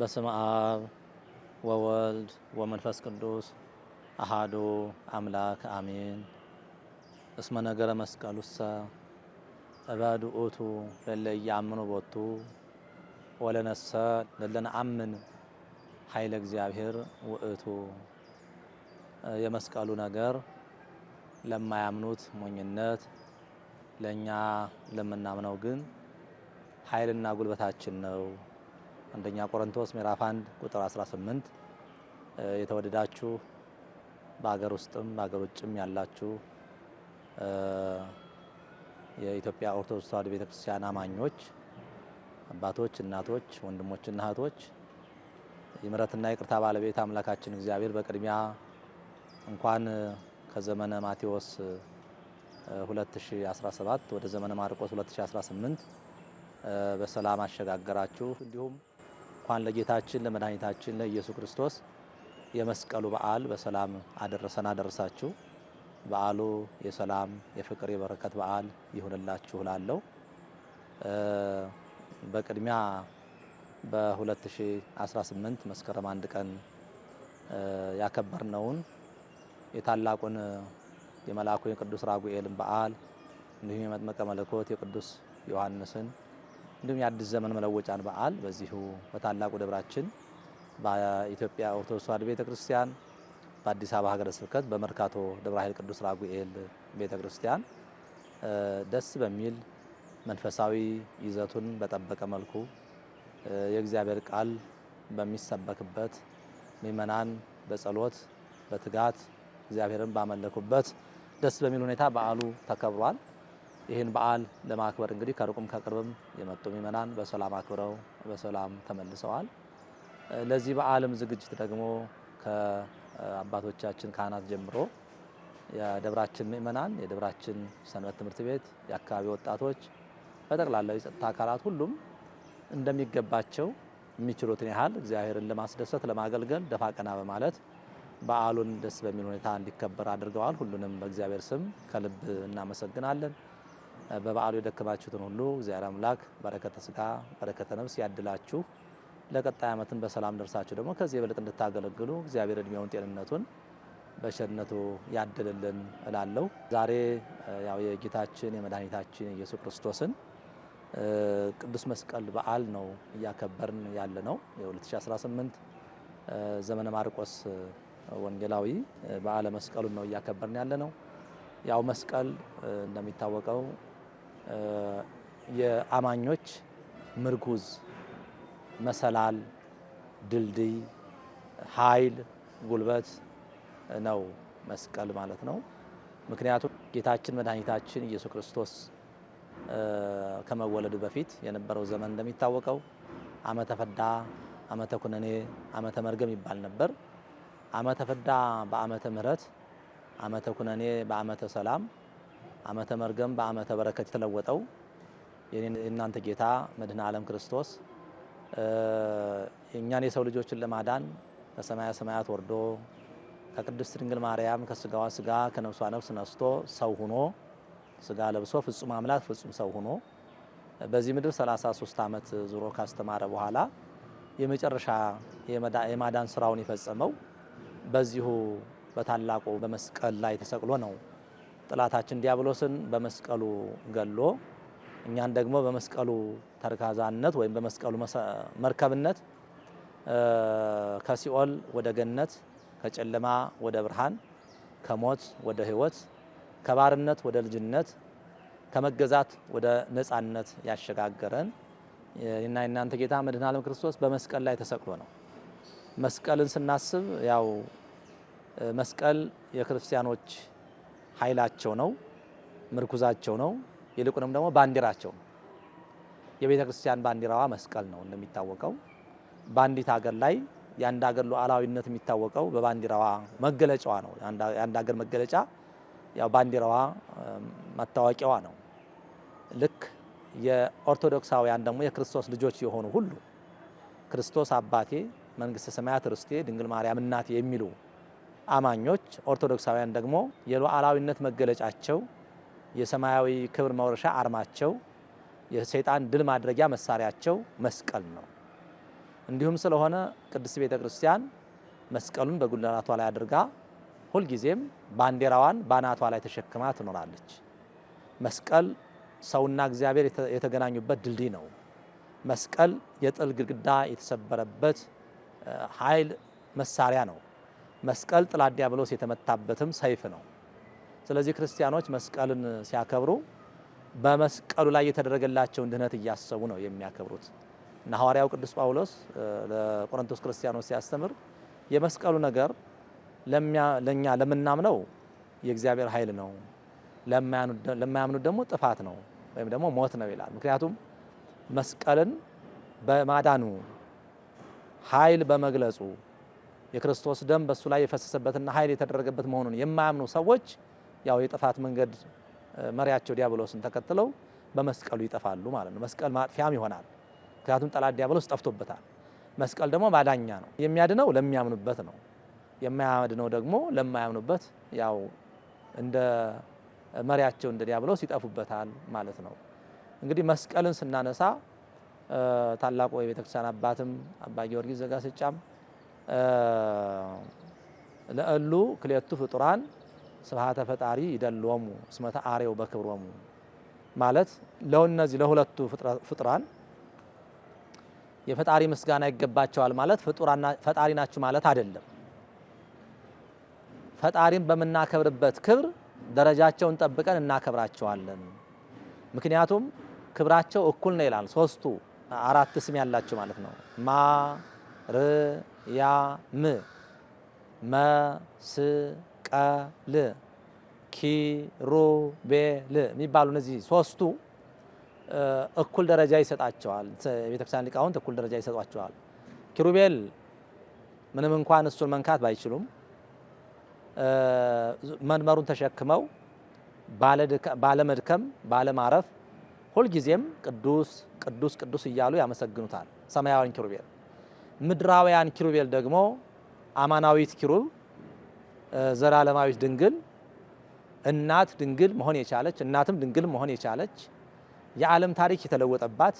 በስም አብ ወወልድ ወመንፈስ ቅዱስ አሃዱ አምላክ አሜን። እስመ ነገረ መስቀሉሰ እበድ ውእቱ ለለ ኢየአምኑ ቦቱ ወለነሰ ለለ አምን ኃይለ እግዚአብሔር ውእቱ። የመስቀሉ ነገር ለማያምኑት ሞኝነት፣ ለእኛ ለምናምነው ግን ኃይልና ጉልበታችን ነው። አንደኛ ቆሮንቶስ ምዕራፍ 1 ቁጥር 18 የተወደዳችሁ በሀገር ውስጥም በሀገር ውጭም ያላችሁ የኢትዮጵያ ኦርቶዶክስ ተዋሕዶ ቤተክርስቲያን አማኞች አባቶች፣ እናቶች፣ ወንድሞችና እህቶች የምሕረትና የቅርታ ባለቤት አምላካችን እግዚአብሔር በቅድሚያ እንኳን ከዘመነ ማቴዎስ 2017 ወደ ዘመነ ማርቆስ 2018 በሰላም አሸጋገራችሁ። እንዲሁም እንኳን ለጌታችን ለመድኃኒታችን ለኢየሱስ ክርስቶስ የመስቀሉ በዓል በሰላም አደረሰን አደረሳችሁ። በዓሉ የሰላም የፍቅር የበረከት በዓል ይሁንላችሁ ላለው በቅድሚያ በ2018 መስከረም አንድ ቀን ያከበርነውን የታላቁን የመልአኩ የቅዱስ ራጉኤልን በዓል እንዲሁም የመጥመቀ መለኮት የቅዱስ ዮሐንስን እንዲሁም የአዲስ ዘመን መለወጫን በዓል በዚሁ በታላቁ ደብራችን በኢትዮጵያ ኦርቶዶክስ ቤተ ክርስቲያን በአዲስ አበባ ሀገረ ስብከት በመርካቶ ደብረ ኃይል ቅዱስ ራጉኤል ቤተክርስቲያን ደስ በሚል መንፈሳዊ ይዘቱን በጠበቀ መልኩ የእግዚአብሔር ቃል በሚሰበክበት ምእመናን በጸሎት በትጋት እግዚአብሔርን ባመለኩበት ደስ በሚል ሁኔታ በዓሉ ተከብሯል። ይህን በዓል ለማክበር እንግዲህ ከሩቁም ከቅርብም የመጡ ምእመናን በሰላም አክብረው በሰላም ተመልሰዋል። ለዚህ በዓልም ዝግጅት ደግሞ ከአባቶቻችን ካህናት ጀምሮ የደብራችን ምዕመናን፣ የደብራችን ሰንበት ትምህርት ቤት፣ የአካባቢ ወጣቶች፣ በጠቅላላው የጸጥታ አካላት ሁሉም እንደሚገባቸው የሚችሉትን ያህል እግዚአብሔርን ለማስደሰት ለማገልገል ደፋ ቀና በማለት በዓሉን ደስ በሚል ሁኔታ እንዲከበር አድርገዋል። ሁሉንም በእግዚአብሔር ስም ከልብ እናመሰግናለን። በበዓሉ የደከማችሁትን ሁሉ እግዚአብሔር አምላክ በረከተ ስጋ በረከተ ነፍስ ያድላችሁ። ለቀጣይ ዓመትን በሰላም ደርሳችሁ ደግሞ ከዚህ የበለጠ እንድታገለግሉ እግዚአብሔር እድሜውን ጤንነቱን በቸርነቱ ያድልልን እላለሁ። ዛሬ ያው የጌታችን የመድኃኒታችን ኢየሱስ ክርስቶስን ቅዱስ መስቀል በዓል ነው እያከበርን ያለ ነው። የ2018 ዘመነ ማርቆስ ወንጌላዊ በዓለ መስቀሉን ነው እያከበርን ያለ ነው። ያው መስቀል እንደሚታወቀው የአማኞች ምርኩዝ፣ መሰላል፣ ድልድይ፣ ኃይል፣ ጉልበት ነው መስቀል ማለት ነው። ምክንያቱም ጌታችን መድኃኒታችን ኢየሱስ ክርስቶስ ከመወለዱ በፊት የነበረው ዘመን እንደሚታወቀው ዓመተ ፈዳ፣ ዓመተ ኩነኔ፣ ዓመተ መርገም ይባል ነበር። ዓመተ ፈዳ በዓመተ ምሕረት፣ ዓመተ ኩነኔ በዓመተ ሰላም ዓመተ መርገም በዓመተ በረከት የተለወጠው የእናንተ ጌታ መድኃኔ ዓለም ክርስቶስ እኛን የሰው ልጆችን ለማዳን ከሰማያ ሰማያት ወርዶ ከቅድስት ድንግል ማርያም ከስጋዋ ስጋ ከነፍሷ ነፍስ ነስቶ ሰው ሁኖ ስጋ ለብሶ ፍጹም አምላክ ፍጹም ሰው ሁኖ በዚህ ምድር 33 ዓመት ዙሮ ካስተማረ በኋላ የመጨረሻ የማዳን ስራውን የፈጸመው በዚሁ በታላቁ በመስቀል ላይ ተሰቅሎ ነው። ጥላታችን ዲያብሎስን በመስቀሉ ገሎ እኛን ደግሞ በመስቀሉ ተርካዛነት ወይም በመስቀሉ መርከብነት ከሲኦል ወደ ገነት፣ ከጨለማ ወደ ብርሃን፣ ከሞት ወደ ሕይወት፣ ከባርነት ወደ ልጅነት፣ ከመገዛት ወደ ነፃነት ያሸጋገረን እና የእናንተ ጌታ መድኃኔ ክርስቶስ በመስቀል ላይ ተሰቅሎ ነው። መስቀልን ስናስብ ያው መስቀል የክርስቲያኖች ኃይላቸው ነው፣ ምርኩዛቸው ነው፣ ይልቁንም ደግሞ ባንዲራቸው ነው። የቤተ ክርስቲያን ባንዲራዋ መስቀል ነው። እንደሚታወቀው በአንዲት ሀገር ላይ የአንድ ሀገር ሉዓላዊነት የሚታወቀው በባንዲራዋ መገለጫዋ ነው። የአንድ ሀገር መገለጫ ያው ባንዲራዋ መታወቂያዋ ነው። ልክ የኦርቶዶክሳውያን ደግሞ የክርስቶስ ልጆች የሆኑ ሁሉ ክርስቶስ አባቴ፣ መንግስተ ሰማያት ርስቴ፣ ድንግል ማርያም እናቴ የሚሉ አማኞች ኦርቶዶክሳውያን ደግሞ የሉዓላዊነት መገለጫቸው የሰማያዊ ክብር መውረሻ አርማቸው የሰይጣን ድል ማድረጊያ መሳሪያቸው መስቀል ነው። እንዲሁም ስለሆነ ቅድስት ቤተ ክርስቲያን መስቀሉን በጉልላቷ ላይ አድርጋ ሁልጊዜም ባንዲራዋን ባናቷ ላይ ተሸክማ ትኖራለች። መስቀል ሰውና እግዚአብሔር የተገናኙበት ድልድይ ነው። መስቀል የጥል ግድግዳ የተሰበረበት ኃይል መሳሪያ ነው። መስቀል ጥላ ዲያብሎስ የተመታበትም ሰይፍ ነው። ስለዚህ ክርስቲያኖች መስቀልን ሲያከብሩ በመስቀሉ ላይ የተደረገላቸውን ድህነት እያሰቡ ነው የሚያከብሩት እና ሐዋርያው ቅዱስ ጳውሎስ ለቆሮንቶስ ክርስቲያኖች ሲያስተምር የመስቀሉ ነገር ለእኛ ለምናምነው የእግዚአብሔር ኃይል ነው፣ ለማያምኑት ደግሞ ጥፋት ነው ወይም ደግሞ ሞት ነው ይላል። ምክንያቱም መስቀልን በማዳኑ ኃይል በመግለጹ የክርስቶስ ደም በእሱ ላይ የፈሰሰበትና ኃይል የተደረገበት መሆኑን የማያምኑ ሰዎች ያው የጥፋት መንገድ መሪያቸው ዲያብሎስን ተከትለው በመስቀሉ ይጠፋሉ ማለት ነው። መስቀል ማጥፊያም ይሆናል። ምክንያቱም ጠላት ዲያብሎስ ጠፍቶበታል። መስቀል ደግሞ ማዳኛ ነው። የሚያድነው ለሚያምኑበት ነው። የማያድነው ደግሞ ለማያምኑበት ያው እንደ መሪያቸው እንደ ዲያብሎስ ይጠፉበታል ማለት ነው። እንግዲህ መስቀልን ስናነሳ ታላቁ የቤተክርስቲያን አባትም አባ ጊዮርጊስ ዘጋስጫም ለእሉ ክልኤቱ ፍጡራን ስብሃተ ፈጣሪ ይደልወሙ እስመ ተአርየው በክብሮሙ ማለት ለእነዚህ ለሁለቱ ፍጡራን የፈጣሪ ምስጋና ይገባቸዋል ማለት ፈጣሪ ናችሁ ማለት አይደለም። ፈጣሪን በምናከብርበት ክብር ደረጃቸውን ጠብቀን እናከብራቸዋለን። ምክንያቱም ክብራቸው እኩል ነው ይላል። ሶስቱ አራት ስም ያላቸው ማለት ነው። ማ ር ያም መስቀል ኪሩቤል የሚባሉ እነዚህ ሶስቱ እኩል ደረጃ ይሰጣቸዋል። ቤተክርስቲያን ሊቃውንት እኩል ደረጃ ይሰጧቸዋል። ኪሩቤል ምንም እንኳን እሱን መንካት ባይችሉም መንመሩን ተሸክመው ባለመድከም ባለማረፍ ሁልጊዜም ቅዱስ ቅዱስ ቅዱስ እያሉ ያመሰግኑታል ሰማያዊን ኪሩቤል ምድራውያን ኪሩቤል ደግሞ አማናዊት ኪሩብ፣ ዘላለማዊት ድንግል፣ እናት ድንግል መሆን የቻለች እናትም ድንግል መሆን የቻለች የዓለም ታሪክ የተለወጠባት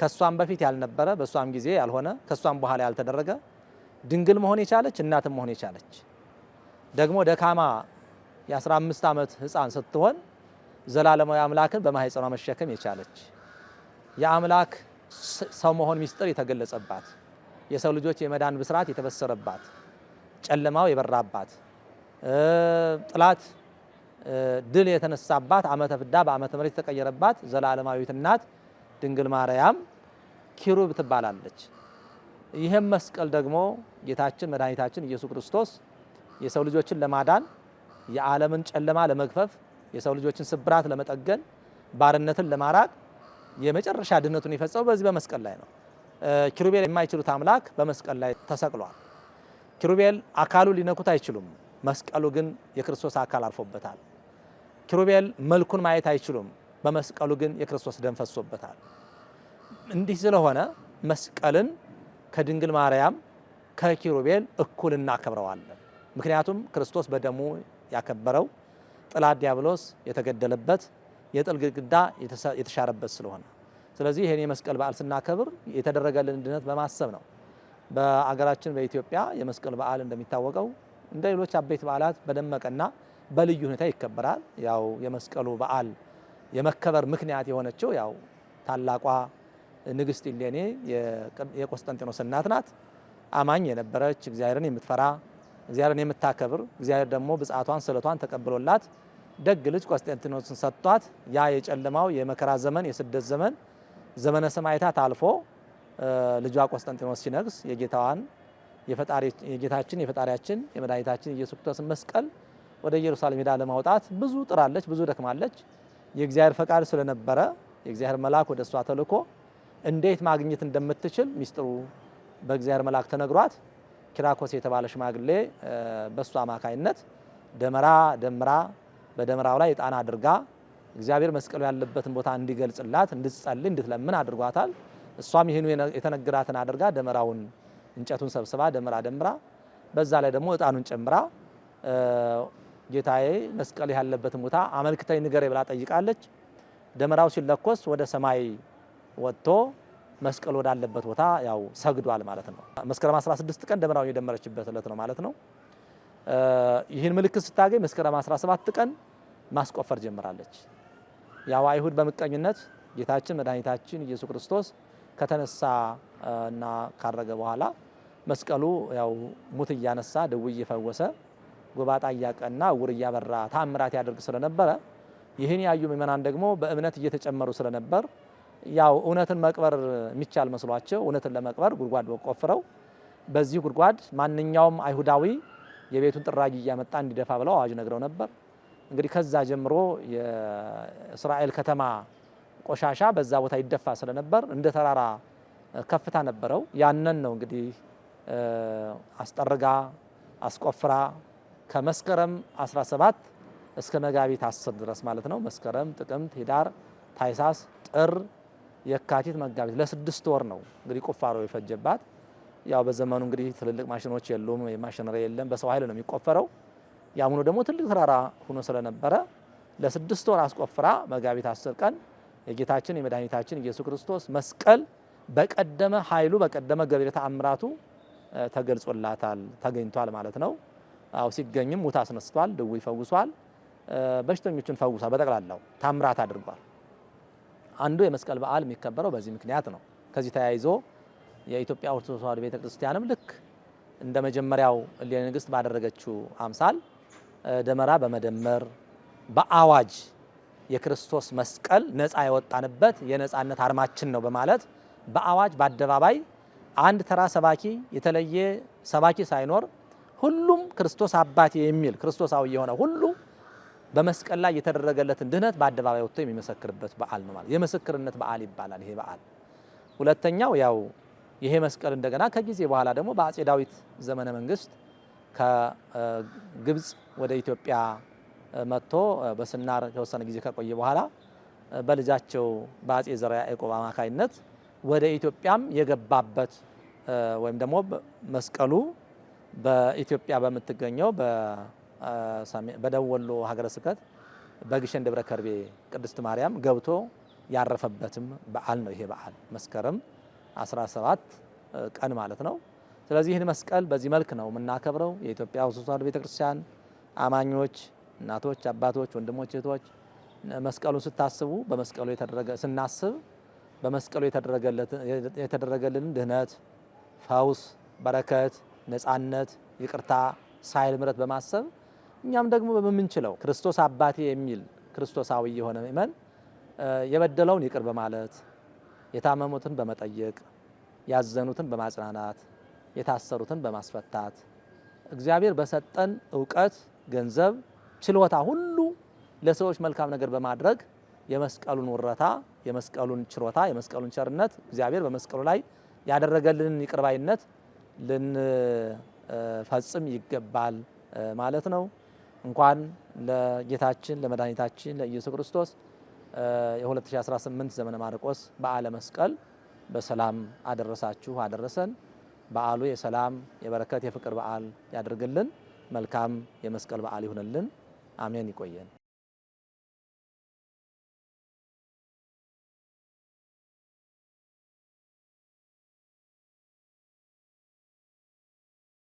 ከሷም በፊት ያልነበረ በሷም ጊዜ ያልሆነ ከሷም በኋላ ያልተደረገ ድንግል መሆን የቻለች እናትም መሆን የቻለች ደግሞ ደካማ የ15 ዓመት ሕፃን ስትሆን ዘላለማዊ አምላክን በማህፀኗ መሸከም የቻለች የአምላክ ሰው መሆን ሚስጥር የተገለጸባት የሰው ልጆች የመዳን ብስራት የተበሰረባት፣ ጨለማው የበራባት፣ ጥላት ድል የተነሳባት፣ ዓመተ ፍዳ በዓመተ ምሕረት የተቀየረባት ዘላለማዊት እናት ድንግል ማርያም ኪሩብ ትባላለች። ይህም መስቀል ደግሞ ጌታችን መድኃኒታችን ኢየሱስ ክርስቶስ የሰው ልጆችን ለማዳን የዓለምን ጨለማ ለመግፈፍ የሰው ልጆችን ስብራት ለመጠገን ባርነትን ለማራቅ የመጨረሻ ድህነቱን የፈጸመው በዚህ በመስቀል ላይ ነው። ኪሩቤል የማይችሉት አምላክ በመስቀል ላይ ተሰቅሏል። ኪሩቤል አካሉ ሊነኩት አይችሉም። መስቀሉ ግን የክርስቶስ አካል አርፎበታል። ኪሩቤል መልኩን ማየት አይችሉም። በመስቀሉ ግን የክርስቶስ ደም ፈሶበታል። እንዲህ ስለሆነ መስቀልን ከድንግል ማርያም ከኪሩቤል እኩል እናከብረዋለን። ምክንያቱም ክርስቶስ በደሙ ያከበረው ጥላ ዲያብሎስ የተገደለበት የጥል ግድግዳ የተሻረበት ስለሆነ ስለዚህ ይህን የመስቀል በዓል ስናከብር የተደረገልን ድነት በማሰብ ነው። በአገራችን በኢትዮጵያ የመስቀል በዓል እንደሚታወቀው እንደ ሌሎች አበይት በዓላት በደመቀና በልዩ ሁኔታ ይከበራል። ያው የመስቀሉ በዓል የመከበር ምክንያት የሆነችው ያው ታላቋ ንግስት ኢሌኔ የቆስጠንጢኖስ እናት ናት። አማኝ የነበረች እግዚአብሔርን የምትፈራ እግዚአብሔርን የምታከብር እግዚአብሔር ደግሞ ብጻቷን ስለቷን ተቀብሎላት ደግ ልጅ ቆስጠንጢኖስን ሰጥቷት ያ የጨለማው የመከራ ዘመን የስደት ዘመን ዘመነ ሰማይታት አልፎ ልጇ ቆስጠንጢኖስ ሲነግስ የጌታዋን የጌታችን የፈጣሪያችን የመድኃኒታችን ኢየሱስ ክርስቶስ መስቀል ወደ ኢየሩሳሌም ሄዳ ለማውጣት ብዙ ጥራለች፣ ብዙ ደክማለች። የእግዚአብሔር ፈቃድ ስለነበረ የእግዚአብሔር መልአክ ወደ እሷ ተልኮ እንዴት ማግኘት እንደምትችል ሚስጥሩ በእግዚአብሔር መልአክ ተነግሯት ኪራኮስ የተባለ ሽማግሌ በእሷ አማካይነት ደመራ ደምራ በደመራው ላይ ዕጣን አድርጋ እግዚአብሔር መስቀሉ ያለበትን ቦታ እንዲገልጽላት እንድትጸልይ እንድትለምን አድርጓታል። እሷም ይህኑ የተነግራትን አድርጋ ደመራውን እንጨቱን ሰብስባ ደመራ ደምራ በዛ ላይ ደግሞ እጣኑን ጨምራ ጌታዬ መስቀል ያለበትን ቦታ አመልክተኝ ንገረኝ ብላ ጠይቃለች። ደመራው ሲለኮስ ወደ ሰማይ ወጥቶ መስቀል ወዳለበት ቦታ ያው ሰግዷል ማለት ነው። መስከረም 16 ቀን ደመራውን የደመረችበት ለት ነው ማለት ነው። ይህን ምልክት ስታገኝ መስከረም 17 ቀን ማስቆፈር ጀምራለች። ያው አይሁድ በምቀኝነት ጌታችን መድኃኒታችን ኢየሱስ ክርስቶስ ከተነሳ እና ካረገ በኋላ መስቀሉ ያው ሙት እያነሳ ድውይ እየፈወሰ ጎባጣ እያቀና እውር እያበራ ታምራት ያደርግ ስለነበረ ይህን ያዩ ምእመናን ደግሞ በእምነት እየተጨመሩ ስለነበር ያው እውነትን መቅበር የሚቻል መስሏቸው እውነትን ለመቅበር ጉድጓድ ቆፍረው በዚህ ጉድጓድ ማንኛውም አይሁዳዊ የቤቱን ጥራጊ እያመጣ እንዲደፋ ብለው አዋጅ ነግረው ነበር። እንግዲህ ከዛ ጀምሮ የእስራኤል ከተማ ቆሻሻ በዛ ቦታ ይደፋ ስለነበር እንደ ተራራ ከፍታ ነበረው። ያንን ነው እንግዲህ አስጠርጋ አስቆፍራ ከመስከረም 17 እስከ መጋቢት 10 ድረስ ማለት ነው። መስከረም፣ ጥቅምት፣ ህዳር፣ ታይሳስ፣ ጥር፣ የካቲት፣ መጋቢት ለስድስት ወር ነው እንግዲህ ቁፋሮ የፈጀባት። ያው በዘመኑ እንግዲህ ትልልቅ ማሽኖች የሉም፣ ማሽነሪ የለም፣ በሰው ኃይል ነው የሚቆፈረው። ያምኖ ደግሞ ትልቅ ተራራ ሆኖ ስለነበረ ለስድስት ወር አስቆፍራ መጋቢት አስር ቀን የጌታችን የመድኃኒታችን ኢየሱስ ክርስቶስ መስቀል በቀደመ ኃይሉ በቀደመ ገቢረ ተአምራቱ ተገልጾላታል ተገኝቷል ማለት ነው። አው ሲገኝም ሙት አስነስቷል፣ ድው ይፈውሷል፣ በሽተኞችን ፈውሷል። በጠቅላላው ታምራት አድርጓል። አንዱ የመስቀል በዓል የሚከበረው በዚህ ምክንያት ነው። ከዚህ ተያይዞ የኢትዮጵያ ኦርቶዶክስ ተዋሕዶ ቤተክርስቲያንም ልክ እንደ መጀመሪያው እሌኒ ባደረገችው አምሳል ደመራ በመደመር በአዋጅ የክርስቶስ መስቀል ነፃ የወጣንበት የነፃነት አርማችን ነው በማለት በአዋጅ በአደባባይ አንድ ተራ ሰባኪ የተለየ ሰባኪ ሳይኖር ሁሉም ክርስቶስ አባቴ የሚል ክርስቶሳዊ የሆነ ሁሉ በመስቀል ላይ የተደረገለትን ድህነት በአደባባይ ወጥቶ የሚመሰክርበት በዓል ነው ማለት የምስክርነት በዓል ይባላል ይሄ በዓል። ሁለተኛው ያው ይሄ መስቀል እንደገና ከጊዜ በኋላ ደግሞ በአጼ ዳዊት ዘመነ መንግስት ከግብፅ ወደ ኢትዮጵያ መጥቶ በስናር የተወሰነ ጊዜ ከቆየ በኋላ በልጃቸው በአጼ ዘርዓ ያዕቆብ አማካኝነት ወደ ኢትዮጵያም የገባበት ወይም ደግሞ መስቀሉ በኢትዮጵያ በምትገኘው በደቡብ ወሎ ሀገረ ስብከት በግሸን ደብረ ከርቤ ቅድስት ማርያም ገብቶ ያረፈበትም በዓል ነው። ይሄ በዓል መስከረም 17 ቀን ማለት ነው። ስለዚህ ይህን መስቀል በዚህ መልክ ነው የምናከብረው። የኢትዮጵያ ኦርቶዶክስ ተዋሕዶ ቤተክርስቲያን አማኞች እናቶች፣ አባቶች፣ ወንድሞች፣ እህቶች መስቀሉን ስታስቡ በመስቀሉ የተደረገ ስናስብ በመስቀሉ የተደረገልን ድህነት፣ ፈውስ፣ በረከት፣ ነጻነት፣ ይቅርታ፣ ሳይል ምረት በማሰብ እኛም ደግሞ በምንችለው ክርስቶስ አባቴ የሚል ክርስቶሳዊ የሆነ ምእመን የበደለውን ይቅር በማለት የታመሙትን በመጠየቅ ያዘኑትን በማጽናናት የታሰሩትን በማስፈታት እግዚአብሔር በሰጠን እውቀት፣ ገንዘብ፣ ችሎታ ሁሉ ለሰዎች መልካም ነገር በማድረግ የመስቀሉን ውረታ፣ የመስቀሉን ችሮታ፣ የመስቀሉን ቸርነት እግዚአብሔር በመስቀሉ ላይ ያደረገልንን ይቅርባይነት ልንፈጽም ይገባል ማለት ነው። እንኳን ለጌታችን ለመድኃኒታችን ለኢየሱስ ክርስቶስ የ2018 ዘመነ ማርቆስ በዓለ መስቀል በሰላም አደረሳችሁ አደረሰን። በዓሉ የሰላም የበረከት የፍቅር በዓል ያድርግልን። መልካም የመስቀል በዓል ይሁንልን። አሜን። ይቆየን።